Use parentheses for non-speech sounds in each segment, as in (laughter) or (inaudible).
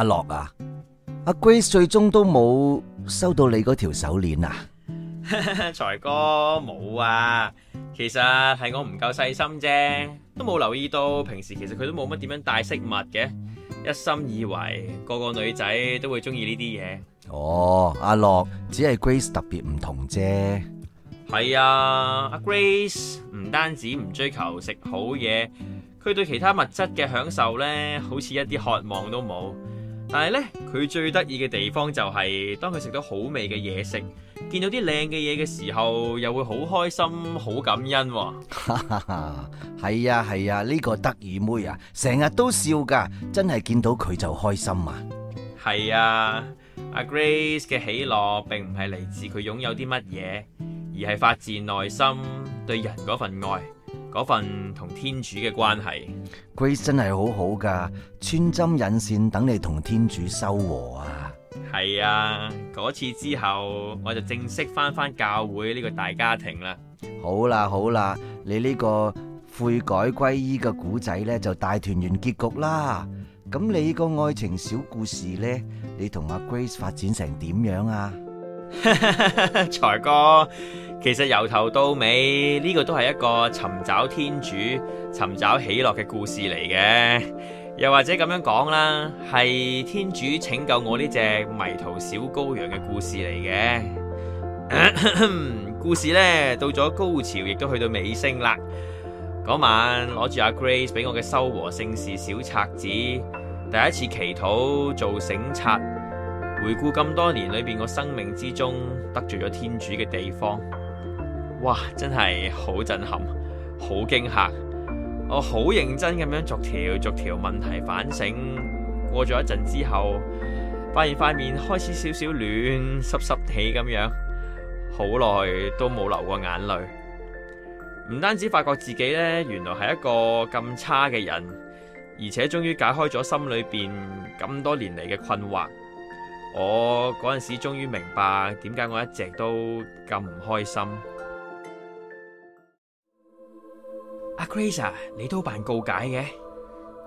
阿樂啊，阿 Grace 最終都冇收到你嗰條手鏈啊？ (laughs) 財哥冇啊，其實係我唔夠細心啫，都冇留意到平時其實佢都冇乜點樣戴飾物嘅，一心以為個個女仔都會中意呢啲嘢。哦，阿樂只係 Grace 特別唔同啫。係啊，阿 Grace 唔單止唔追求食好嘢，佢對其他物質嘅享受呢，好似一啲渴望都冇。但係咧，佢最得意嘅地方就係、是、當佢食到好味嘅嘢食，見到啲靚嘅嘢嘅時候，又會好開心、好感恩，哦。哈哈，係啊係啊，呢個得意妹啊，成日、啊這個、都笑㗎，真係見到佢就開心啊。係啊，阿 Grace 嘅喜樂並唔係嚟自佢擁有啲乜嘢，而係發自內心對人嗰份愛。嗰份同天主嘅關係，Grace 真係好好噶，穿針引線等你同天主修和啊！係啊，嗰次之後我就正式翻翻教會呢個大家庭啦。好啦好啦，你呢個悔改皈依嘅故仔呢就大團圓結局啦。咁你個愛情小故事呢，你同阿 Grace 發展成點樣啊？ (laughs) 財哥，其實由頭到尾呢，這個都係一個尋找天主、尋找喜樂嘅故事嚟嘅，又或者咁樣講啦，係天主拯救我呢隻迷途小羔羊嘅故事嚟嘅咳咳。故事呢，到咗高潮，亦都去到尾聲啦。嗰晚攞住阿、啊、Grace 俾我嘅修和聖事小冊子，第一次祈禱做省察。回顧咁多年裏邊我生命之中得罪咗天主嘅地方，哇！真係好震撼，好驚嚇。我好認真咁樣逐條逐條問題反省，過咗一陣之後，發現塊面開始少少暖濕濕地咁樣，好耐都冇流過眼淚。唔單止發覺自己呢，原來係一個咁差嘅人，而且終於解開咗心裏邊咁多年嚟嘅困惑。我嗰陣時終於明白點解我一直都咁唔開心。阿 Grace，你都辦告解嘅？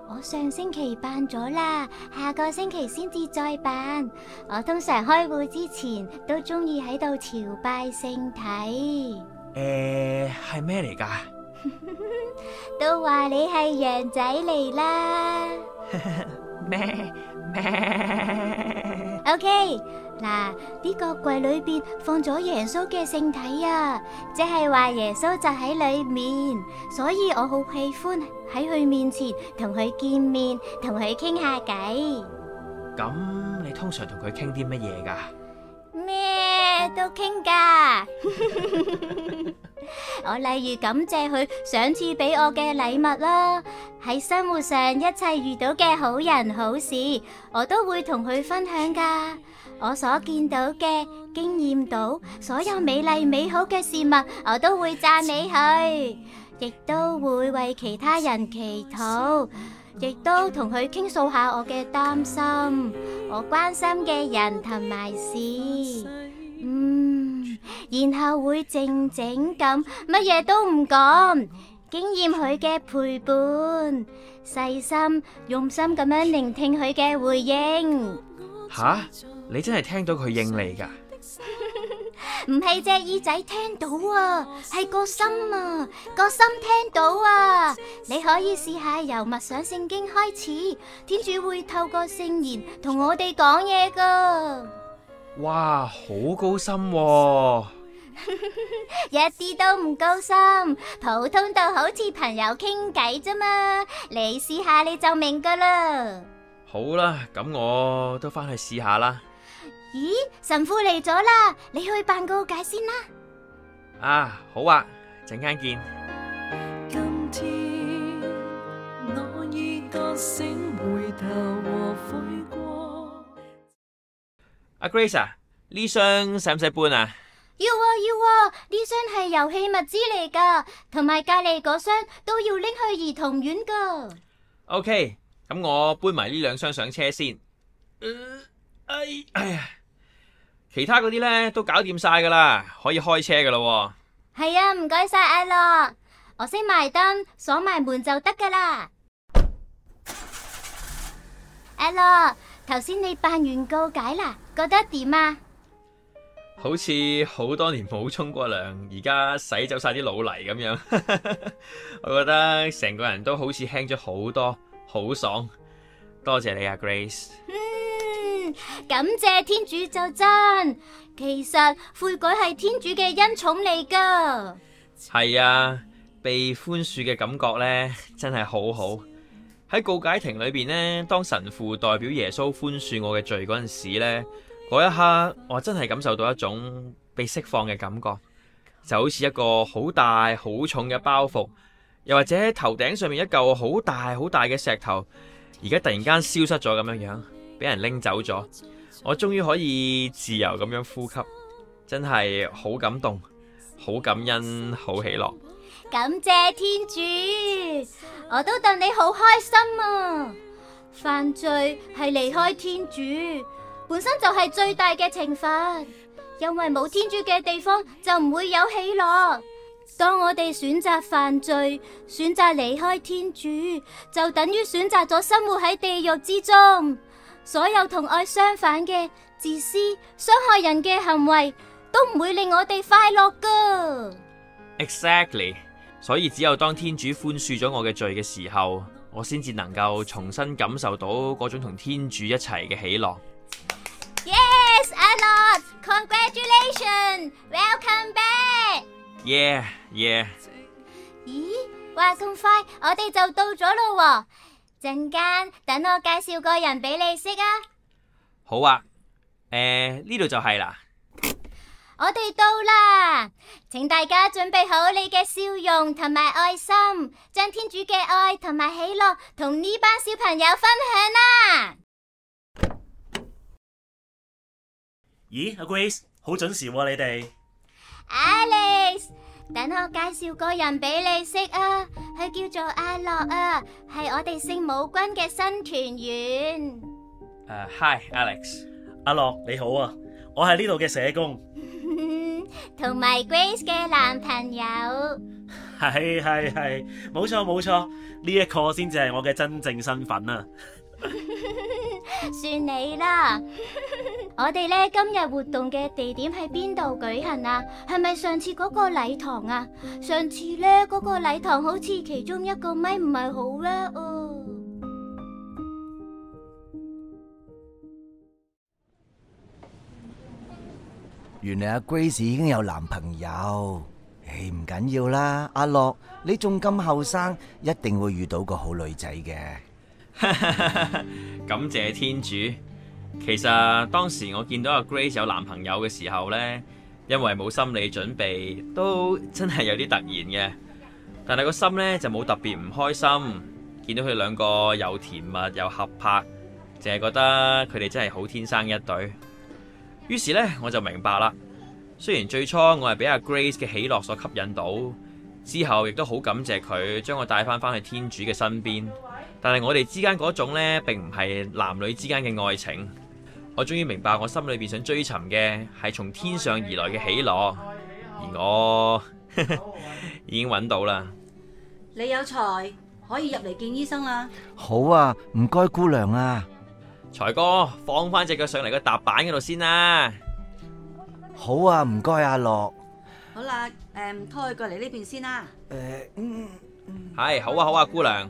我上星期辦咗啦，下個星期先至再辦。我通常開會之前都中意喺度朝拜聖體。誒、uh，係咩嚟噶？都話你係羊仔嚟啦。咩咩？ (laughs) O.K. 嗱，呢個櫃裏邊放咗耶穌嘅聖體啊，即係話耶穌就喺裏面，所以我好喜歡喺佢面前同佢見面，同佢傾下偈。咁你通常同佢傾啲乜嘢噶？咩都傾噶。 (laughs) 我例如感謝佢上次俾我嘅禮物啦，喺生活上一切遇到嘅好人好事，我都會同佢分享噶。我所見到嘅經驗到所有美麗美好嘅事物，我都會讚美佢，亦都會為其他人祈禱，亦都同佢傾訴下我嘅擔心，我關心嘅人同埋事。嗯然後會靜靜咁乜嘢都唔講，經驗佢嘅陪伴，細心，用心咁樣聆聽佢嘅回應。吓？你真係聽到佢應你噶？唔係隻耳仔聽到啊，係個心啊，個心聽到啊。你可以試下由默想聖經開始，天主會透過聖言同我哋講嘢噶。.哇，好高深喎，哦！ (laughs) 一啲都唔高深，普通到好似朋友傾偈啫嘛。你試下你就明噶啦。好啦，咁我都翻去試下啦。咦，神父嚟咗啦，你去辦告解先啦。啊，好啊，陣間見。阿 Grace 啊，呢箱使唔使搬啊？要啊要啊，呢箱係遊戲物資嚟噶，同埋隔籬嗰箱都要拎去兒童院噶。OK，咁我搬埋呢兩箱上車先。誒，哎呀，其他嗰啲咧都搞掂晒噶啦，可以開車噶啦。係啊，唔該晒，阿樂，我熄埋燈，鎖埋門就得噶啦。阿樂。頭先你辦完告解啦，覺得點啊？好似好多年冇沖過涼，而家洗走晒啲老泥咁樣， (laughs) 我覺得成個人都好似輕咗好多，好爽！多謝你啊，Grace。嗯，感謝天主就真。其實悔改係天主嘅恩寵嚟噶。係啊，被寬恕嘅感覺咧，真係好好。喺告解亭裏邊呢，當神父代表耶穌寬恕我嘅罪嗰陣時，嗰一刻我真係感受到一種被釋放嘅感覺，就好似一個好大好重嘅包袱，又或者頭頂上面一嚿好大好大嘅石頭，而家突然間消失咗咁樣樣，俾人拎走咗，我終於可以自由咁樣呼吸，真係好感動、好感恩、好喜樂。感謝天主，我都戥你好開心啊！犯罪係離開天主，本身就係最大嘅懲罰，因為冇天主嘅地方就唔會有喜樂。當我哋選擇犯罪，選擇離開天主，就等於選擇咗生活喺地獄之中。所有同愛相反嘅自私、傷害人嘅行為，都唔會令我哋快樂噶。Exactly。所以只有當天主寬恕咗我嘅罪嘅時候，我先至能夠重新感受到嗰種同天主一齊嘅喜樂。Yes, 阿樂。Congratulations. Welcome back. Yeah, yeah. 咦？話咁快，我哋就到咗咯？陣間等我介紹個人俾你識啊。好啊。誒、呃，呢度就係啦。我哋到啦，請大家準備好你嘅笑容同埋愛心，將天主嘅愛同埋喜樂同呢班小朋友分享啦。咦，阿 Grace 好準時啊，你哋。Alex，等我介紹個人俾你識啊，佢叫做阿樂啊，係我哋聖母軍嘅新團員。uh, Hi, Alex，阿樂你好啊，我係呢度嘅社工。同埋 Grace 嘅男朋友是，係係係，冇錯冇錯，呢一、呢個先至係我嘅真正身份啊！ (laughs) 算你啦，我哋呢今日活動嘅地點喺邊度舉行啊？係咪上次嗰個禮堂啊？上次呢嗰、那個禮堂好似其中一個咪唔係好叻啊。原嚟阿 Grace 已經有男朋友，誒，唔緊要啦。阿樂，你仲咁後生，一定會遇到個好女仔嘅。 (laughs) 感謝天主。其實當時我見到阿 Grace 有男朋友嘅時候呢，因為冇心理準備，都真係有啲突然嘅。但係個心呢，就冇特別唔開心，見到佢兩個又甜蜜又合拍，淨係覺得佢哋真係好天生一對。於是呢，我就明白啦。雖然最初我係俾阿 Grace 嘅喜樂所吸引到，之後亦都好感謝佢將我帶返返去天主嘅身邊，但係我哋之間嗰種呢，並唔係男女之間嘅愛情。我終於明白我心裏面想追尋嘅係從天上而來嘅喜樂，而我 (laughs) 已經揾到啦。你有才可以入嚟見醫生啦。好啊，唔該姑娘啊。財哥，放翻隻腳上嚟個踏板嗰度、啊啊嗯、先啦。好啊、呃，唔該阿樂。好、嗯、啦，誒、哎，拖佢過嚟呢邊先啦。誒，係好啊，好啊，姑娘。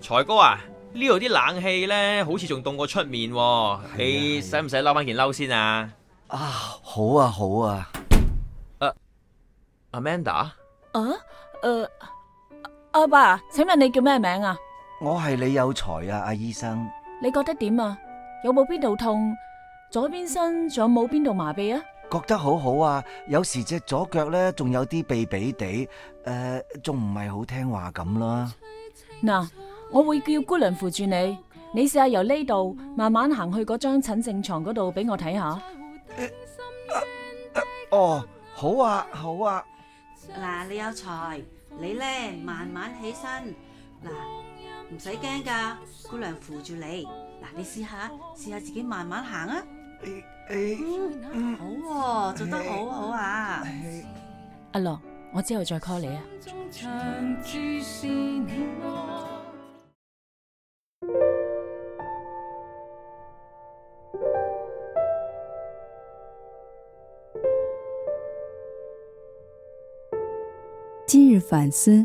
財哥啊，這呢度啲冷氣咧，好似仲凍過出面、啊，你使唔使撈翻件褸先啊？啊，好啊，好啊。誒、啊、，Amanda 啊。啊？誒，阿爸，請問你叫咩名啊？我係李有才啊，阿醫生。你覺得點啊？有冇邊度痛？左邊身仲有冇邊度麻痹啊？覺得好好啊，有時隻左腳咧仲有啲痹痹地，誒、呃，仲唔係好聽話咁啦。嗱，我會叫姑娘扶住你，你試下由呢度慢慢行去嗰張診症床嗰度俾我睇下、呃呃。哦，好啊，好啊。嗱，你有才！你咧慢慢起身。嗱。唔使驚噶，姑娘扶住你。嗱，你試下，試下自己慢慢行啊。你你、哎哎嗯、好哦、啊，哎、做得好好啊。哎哎、阿樂，我之後再 call 你啊。嗯、今日反思。